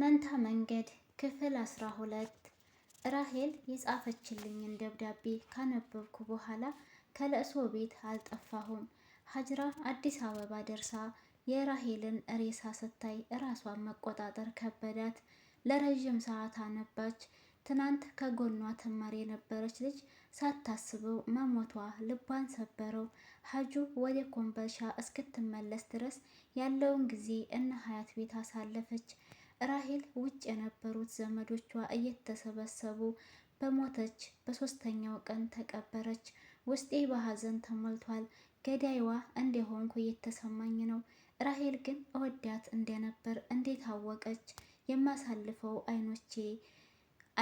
መንታ መንገድ ክፍል 12 ራሄል የጻፈችልኝን ደብዳቤ ካነበብኩ በኋላ ከለእሶ ቤት አልጠፋሁም። ሀጅራ አዲስ አበባ ደርሳ የራሄልን ሬሳ ስታይ እራሷን መቆጣጠር ከበዳት። ለረዥም ሰዓት አነባች። ትናንት ከጎኗ ትማር የነበረች ልጅ ሳታስበው መሞቷ ልቧን ሰበረው። ሀጁ ወደ ኮምበልሻ እስክትመለስ ድረስ ያለውን ጊዜ እነ ሀያት ቤት አሳለፈች። ራሄል ውጭ የነበሩት ዘመዶቿ እየተሰበሰቡ በሞተች በሶስተኛው ቀን ተቀበረች። ውስጤ በሀዘን ተሞልቷል። ገዳይዋ እንደሆንኩ እየተሰማኝ ነው። ራሄል ግን እወዳት እንደነበር እንዴት አወቀች? የማሳልፈው አይኖቼ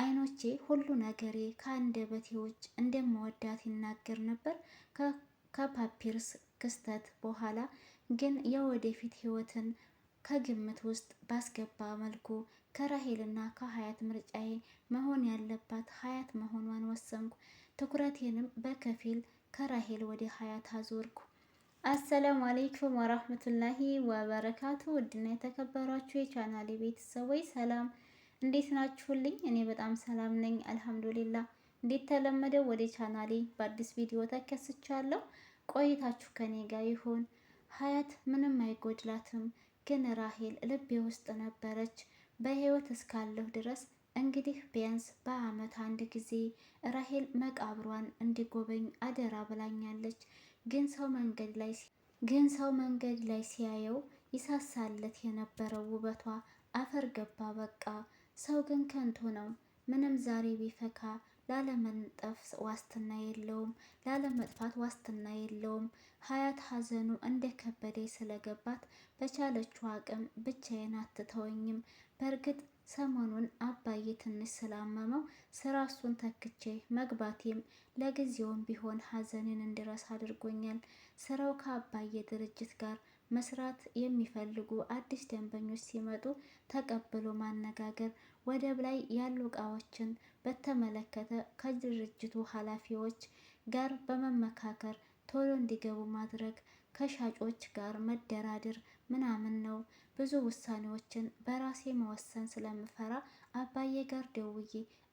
አይኖቼ ሁሉ ነገሬ ከአንደበቴ ውጭ እንደምወዳት ይናገር ነበር። ከፓፒርስ ክስተት በኋላ ግን የወደፊት ህይወትን ከግምት ውስጥ ባስገባ መልኩ ከራሄልና ከሀያት ምርጫዬ መሆን ያለባት ሀያት መሆኗን ወሰንኩ። ትኩረቴንም በከፊል ከራሄል ወደ ሀያት አዞርኩ። አሰላሙ አለይኩም ወራህመቱላሂ ወበረካቱ። ውድና የተከበሯችሁ የቻናሌ ቤተሰቦች ሰላም፣ እንዴት ናችሁልኝ? እኔ በጣም ሰላም ነኝ አልሐምዱሊላ። እንዴት ተለመደው ወደ ቻናሌ በአዲስ ቪዲዮ ተከስቻለሁ። ቆይታችሁ ከኔ ጋር ይሆን። ሀያት ምንም አይጎድላትም። ግን ራሄል ልቤ ውስጥ ነበረች። በህይወት እስካለሁ ድረስ እንግዲህ ቢያንስ በአመት አንድ ጊዜ ራሄል መቃብሯን እንዲጎበኝ አደራ ብላኛለች። ግን ሰው መንገድ ላይ ግን ሰው መንገድ ላይ ሲያየው ይሳሳለት የነበረው ውበቷ አፈር ገባ በቃ። ሰው ግን ከንቱ ነው። ምንም ዛሬ ቢፈካ ላለመንጠፍ ዋስትና የለውም፣ ላለመጥፋት ዋስትና የለውም። ሀያት ሀዘኑ እንደከበደኝ ስለገባት በቻለችው አቅም ብቻዬን አትተወኝም። በእርግጥ ሰሞኑን አባዬ ትንሽ ስላመመው ስራ እሱን ተክቼ መግባቴም ለጊዜውም ቢሆን ሀዘንን እንድረስ አድርጎኛል። ስራው ከአባዬ ድርጅት ጋር መስራት የሚፈልጉ አዲስ ደንበኞች ሲመጡ ተቀብሎ ማነጋገር፣ ወደብ ላይ ያሉ እቃዎችን በተመለከተ ከድርጅቱ ኃላፊዎች ጋር በመመካከር ቶሎ እንዲገቡ ማድረግ፣ ከሻጮች ጋር መደራደር ምናምን ነው። ብዙ ውሳኔዎችን በራሴ መወሰን ስለምፈራ አባዬ ጋር ደውዬ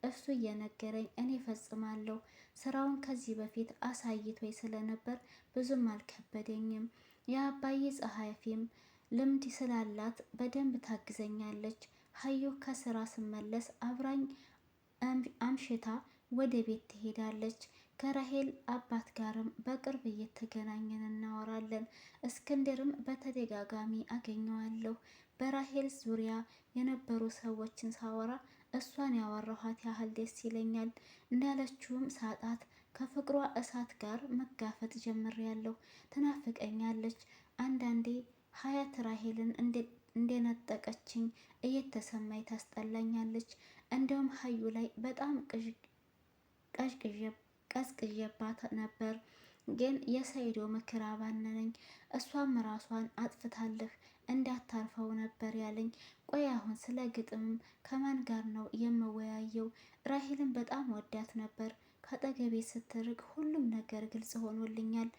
እሱ እየነገረኝ እኔ ፈጽማለሁ። ስራውን ከዚህ በፊት አሳይቶኝ ስለነበር ብዙም አልከበደኝም። የአባዬ ጸሐፊም ልምድ ስላላት በደንብ ታግዘኛለች። ሀዩ ከስራ ስመለስ አብራኝ አምሽታ ወደ ቤት ትሄዳለች። ከራሄል አባት ጋርም በቅርብ እየተገናኘን እናወራለን። እስክንድርም በተደጋጋሚ አገኘዋለሁ። በራሄል ዙሪያ የነበሩ ሰዎችን ሳወራ እሷን ያወራኋት ያህል ደስ ይለኛል። እንዳለችውም ሳጣት ከፍቅሯ እሳት ጋር መጋፈጥ ጀምሬያለሁ። ትናፍቀኛለች። አንዳንዴ ሀያት ራሄልን እንደነጠቀችኝ እየተሰማኝ ታስጠላኛለች። እንደውም ሀዩ ላይ በጣም ቀዝቅዤባት ነበር፣ ግን የሰይዶ ምክር አባነነኝ። እሷም ራሷን አጥፍታለህ እንዳታርፈው ነበር ያለኝ። ቆይ አሁን ስለ ግጥምም ከማን ጋር ነው የምወያየው? ራሂልን በጣም ወዳት ነበር። ከአጠገቤ ስትርቅ ሁሉም ነገር ግልጽ ሆኖልኛል።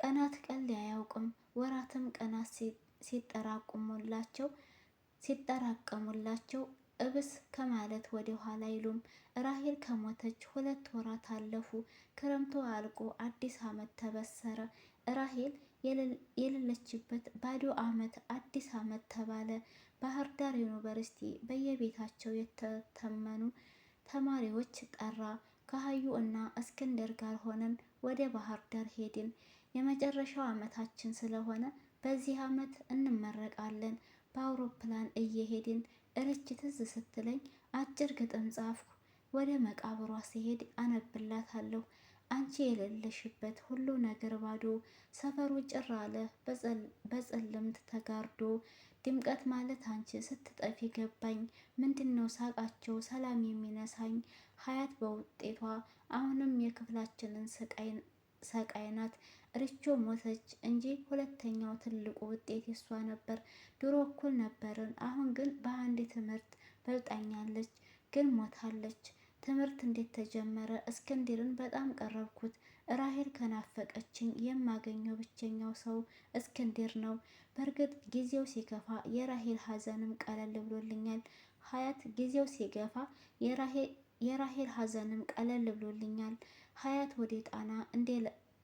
ቀናት ቀል አያውቅም፣ ወራትም ቀናት ሲጠራቅሙላቸው ሲጠራቀሙላቸው እብስ ከማለት ወደ ኋላ አይሉም። ራሄል ከሞተች ሁለት ወራት አለፉ። ክረምቱ አልቆ አዲስ ዓመት ተበሰረ። ራሄል የሌለችበት ባዶ ዓመት አዲስ ዓመት ተባለ። ባህር ዳር ዩኒቨርሲቲ በየቤታቸው የተተመኑ ተማሪዎች ጠራ። ከሀዩ እና እስክንድር ጋር ሆነን ወደ ባህር ዳር ሄድን። የመጨረሻው ዓመታችን ስለሆነ በዚህ ዓመት እንመረቃለን። በአውሮፕላን እየሄድን እረች ትዝ ስትለኝ አጭር ግጥም ጻፍኩ። ወደ መቃብሯ ሲሄድ አነብላታለሁ። አንቺ የሌለሽበት ሁሉ ነገር ባዶ፣ ሰፈሩ ጭር አለ በጸልምት ተጋርዶ። ድምቀት ማለት አንቺ ስትጠፊ ገባኝ። ምንድን ነው ሳቃቸው ሰላም የሚነሳኝ? ሀያት በውጤቷ አሁንም የክፍላችንን ሰቃይ ናት። ርቾ ሞተች እንጂ ሁለተኛው ትልቁ ውጤት የሷ ነበር። ድሮ እኩል ነበርን። አሁን ግን በአንድ ትምህርት በልጣኛለች፣ ግን ሞታለች። ትምህርት እንዴት ተጀመረ? እስክንድርን በጣም ቀረብኩት። ራሄል ከናፈቀችኝ የማገኘው ብቸኛው ሰው እስክንድር ነው። በእርግጥ ጊዜው ሲገፋ የራሄል ሀዘንም ቀለል ብሎልኛል። ሀያት ጊዜው ሲገፋ የራሄል ሀዘንም ቀለል ብሎልኛል። ሀያት ወደ ጣና እንዴ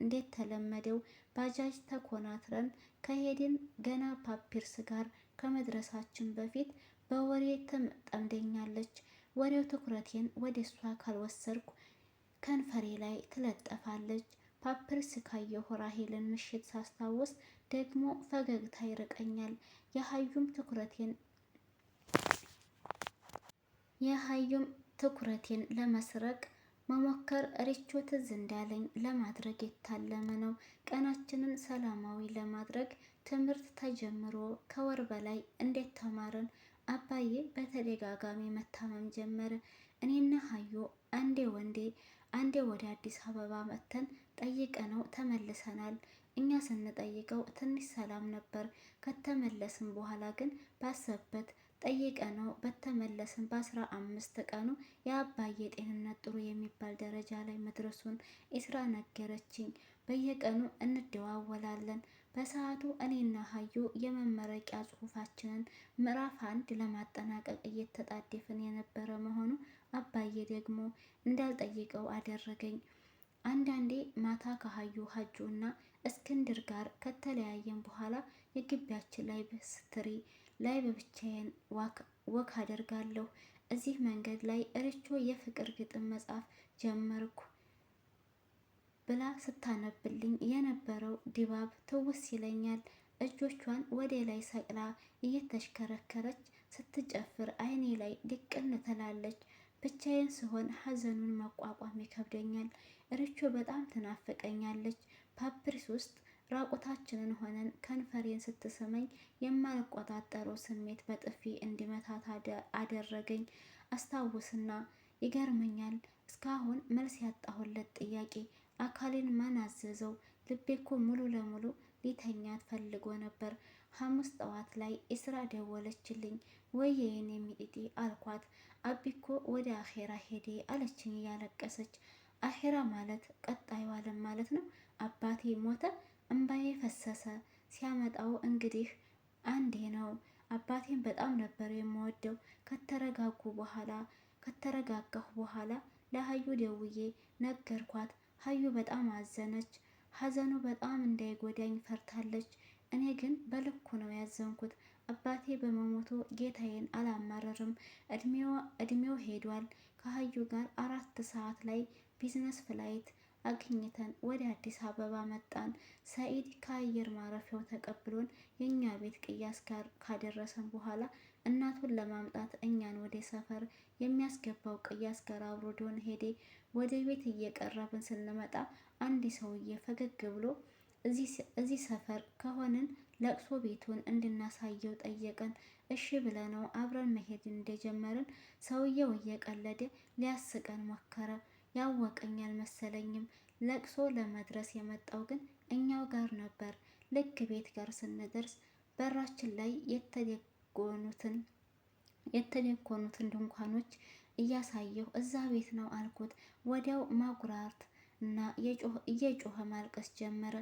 እንዴት ተለመደው ባጃጅ ተኮናትረን ከሄድን ገና ፓፒርስ ጋር ከመድረሳችን በፊት በወሬ ትጠምደኛለች። ወሬው ትኩረቴን ወደ እሷ ካልወሰድኩ ከንፈሬ ላይ ትለጠፋለች። ፓፒርስ ካየሁ ራሄልን ምሽት ሳስታውስ ደግሞ ፈገግታ ይርቀኛል። የሀዩም ትኩረቴን የሀዩም ትኩረቴን ለመስረቅ መሞከር ሬቾ ትዝ እንዳለኝ ለማድረግ የታለመ ነው። ቀናችንን ሰላማዊ ለማድረግ ትምህርት ተጀምሮ ከወር በላይ እንዴት ተማርን። አባዬ በተደጋጋሚ መታመም ጀመረ። እኔና ሀዮ አንዴ ወንዴ አንዴ ወደ አዲስ አበባ መጥተን ጠይቀነው ተመልሰናል። እኛ ስንጠይቀው ትንሽ ሰላም ነበር። ከተመለስን በኋላ ግን ባሰበት ጠይቀ ነው በተመለስን በአስራ አምስት ቀኑ የአባዬ ጤንነት ጥሩ የሚባል ደረጃ ላይ መድረሱን ኢስራ ነገረችኝ። በየቀኑ እንደዋወላለን። በሰዓቱ እኔና ሀዩ የመመረቂያ ጽሁፋችንን ምዕራፍ አንድ ለማጠናቀቅ እየተጣደፍን የነበረ መሆኑ አባዬ ደግሞ እንዳልጠይቀው አደረገኝ። አንዳንዴ ማታ ከሀዩ ሀጁና እስክንድር ጋር ከተለያየን በኋላ የግቢያችን ላይ በስትሪ ላይ በብቻዬን ወክ አደርጋለሁ። እዚህ መንገድ ላይ እርቾ የፍቅር ግጥም መጻፍ ጀመርኩ ብላ ስታነብልኝ የነበረው ድባብ ትውስ ይለኛል። እጆቿን ወደ ላይ ሰቅላ እየተሽከረከረች ስትጨፍር አይኔ ላይ ድቅን ትላለች። ብቻዬን ስሆን ሀዘኑን መቋቋም ይከብደኛል። እርቾ በጣም ትናፍቀኛለች። ፓፕሪስ ውስጥ ራቁታችንን ሆነን ከንፈሬን ስትስመኝ የማልቆጣጠረው ስሜት በጥፊ እንዲመታት አደረገኝ። አስታውስና ይገርመኛል እስካሁን መልስ ያጣሁለት ጥያቄ አካሌን ማን አዘዘው? ልቤ እኮ ሙሉ ለሙሉ ሊተኛት ፈልጎ ነበር። ሐሙስ ጠዋት ላይ እስራ ደወለችልኝ። ወይ የኔ ሚጢጢ አልኳት። አቢኮ ወደ አኼራ ሄዴ አለችኝ እያለቀሰች። አኼራ ማለት ቀጣዩ ዓለም ማለት ነው። አባቴ ሞተ እምባዬ ፈሰሰ። ሲያመጣው እንግዲህ አንዴ ነው። አባቴን በጣም ነበር የምወደው። ከተረጋጉ በኋላ ከተረጋጋሁ በኋላ ለሀዩ ደውዬ ነገርኳት። ሀዩ በጣም አዘነች። ሀዘኑ በጣም እንዳይጎዳኝ ፈርታለች። እኔ ግን በልኩ ነው ያዘንኩት። አባቴ በመሞቱ ጌታዬን አላማረርም። እድሜው ሄዷል። ከሀዩ ጋር አራት ሰዓት ላይ ቢዝነስ ፍላይት አግኝተን ወደ አዲስ አበባ መጣን። ሰኢድ ከአየር ማረፊያው ተቀብሎን የእኛ ቤት ቅያስ ጋር ካደረሰን በኋላ እናቱን ለማምጣት እኛን ወደ ሰፈር የሚያስገባው ቅያስ ጋር አውርዶን ሄዴ ወደ ቤት እየቀረብን ስንመጣ አንድ ሰውዬ ፈገግ ብሎ እዚህ ሰፈር ከሆንን ለቅሶ ቤቱን እንድናሳየው ጠየቀን። እሺ ብለነው አብረን መሄድ እንደጀመርን ሰውየው እየቀለደ ሊያስቀን ሞከረ። ያወቀኝ አልመሰለኝም። ለቅሶ ለመድረስ የመጣው ግን እኛው ጋር ነበር። ልክ ቤት ጋር ስንደርስ በራችን ላይ የተደጎኑትን የተደጎኑትን ድንኳኖች እያሳየሁ እዛ ቤት ነው አልኩት። ወዲያው ማጉራት እና እየጮኸ ማልቀስ ጀመረ።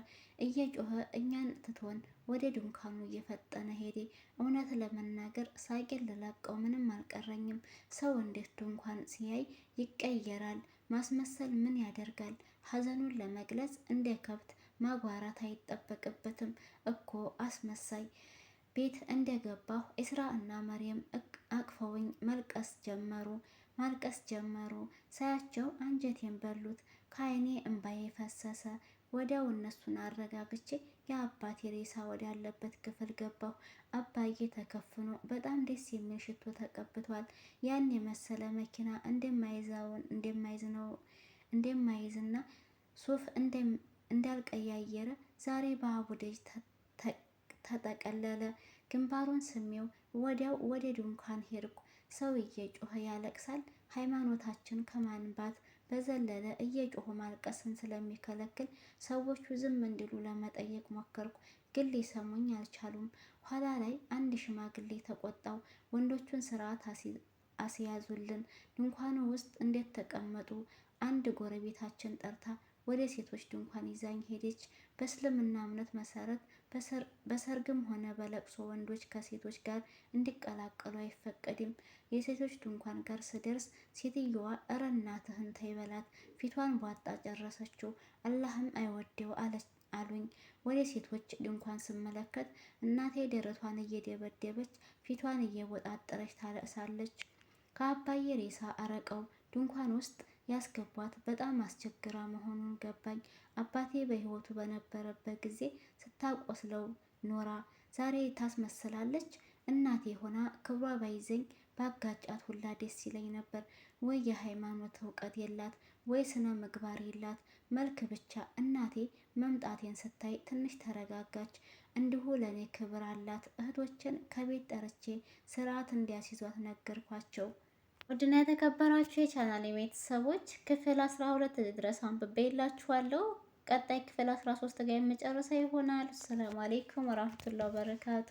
እየጮኸ እኛን ትቶን ወደ ድንኳኑ እየፈጠነ ሄደ። እውነት ለመናገር ሳቄን ልለቀው ምንም አልቀረኝም። ሰው እንዴት ድንኳን ሲያይ ይቀየራል? ማስመሰል ምን ያደርጋል? ሐዘኑን ለመግለጽ እንደ ከብት ማጓራት አይጠበቅበትም እኮ አስመሳይ። ቤት እንደገባሁ ኢስራ እና መርየም አቅፈውኝ መልቀስ ጀመሩ ማልቀስ ጀመሩ። ሳያቸው አንጀቴን በሉት፣ ከዓይኔ እምባዬ ፈሰሰ። ወዲያው እነሱን አረጋግቼ የአባቴ ሬሳ ወዳለበት ክፍል ገባሁ። አባዬ ተከፍኖ በጣም ደስ የሚል ሽቶ ተቀብቷል። ያን የመሰለ መኪና እንደማይዛውን እንደማይዝነው እንደማይዝና ሱፍ እንዳልቀያየረ ዛሬ በአቡደጅ ተጠቀለለ። ግንባሩን ስሜው ወዲያው ወደ ድንኳን ሄድኩ። ሰው እየጮኸ ያለቅሳል። ሃይማኖታችን ከማንባት በዘለለ እየጮሁ ማልቀስን ስለሚከለክል ሰዎቹ ዝም እንዲሉ ለመጠየቅ ሞከርኩ፣ ግን ሊሰሙኝ አልቻሉም። ኋላ ላይ አንድ ሽማግሌ ተቆጣው። ወንዶቹን ስርዓት አስያዙልን። ድንኳኑ ውስጥ እንዴት ተቀመጡ። አንድ ጎረቤታችን ጠርታ ወደ ሴቶች ድንኳን ይዛኝ ሄደች። በእስልምና እምነት መሰረት በሰርግም ሆነ በለቅሶ ወንዶች ከሴቶች ጋር እንዲቀላቀሉ አይፈቀድም። የሴቶች ድንኳን ጋር ስደርስ ሴትየዋ እረ እናትህን ተይ ፊቷን ቧጣ ጨረሰችው፣ አላህም አይወደው አሉኝ። ወደ ሴቶች ድንኳን ስመለከት እናቴ ደረቷን እየደበደበች ፊቷን እየወጣጠረች ታለቅሳለች። ከአባዬ ሬሳ አረቀው ድንኳን ውስጥ ያስገቧት በጣም አስቸግራ መሆኑን ገባኝ። አባቴ በሕይወቱ በነበረበት ጊዜ ስታቆስለው ኖራ ዛሬ ታስመስላለች። እናቴ ሆና ክብሯ ባይዘኝ ባጋጫት ሁላ ደስ ይለኝ ነበር። ወይ የሃይማኖት እውቀት የላት ወይ ስነ ምግባር የላት መልክ ብቻ። እናቴ መምጣቴን ስታይ ትንሽ ተረጋጋች። እንዲሁ ለእኔ ክብር አላት። እህቶችን ከቤት ጠርቼ ስርዓት እንዲያስይዟት ነገርኳቸው። ውድና የተከበራችሁ የቻናል ቤተሰቦች ክፍል 12 ድረስ አንብቤላችኋለሁ። ቀጣይ ክፍል 13 ጋር የምጨርሰው ይሆናል። ሰላም አሌይኩም ወራህመቱላሂ ወበረካቱ።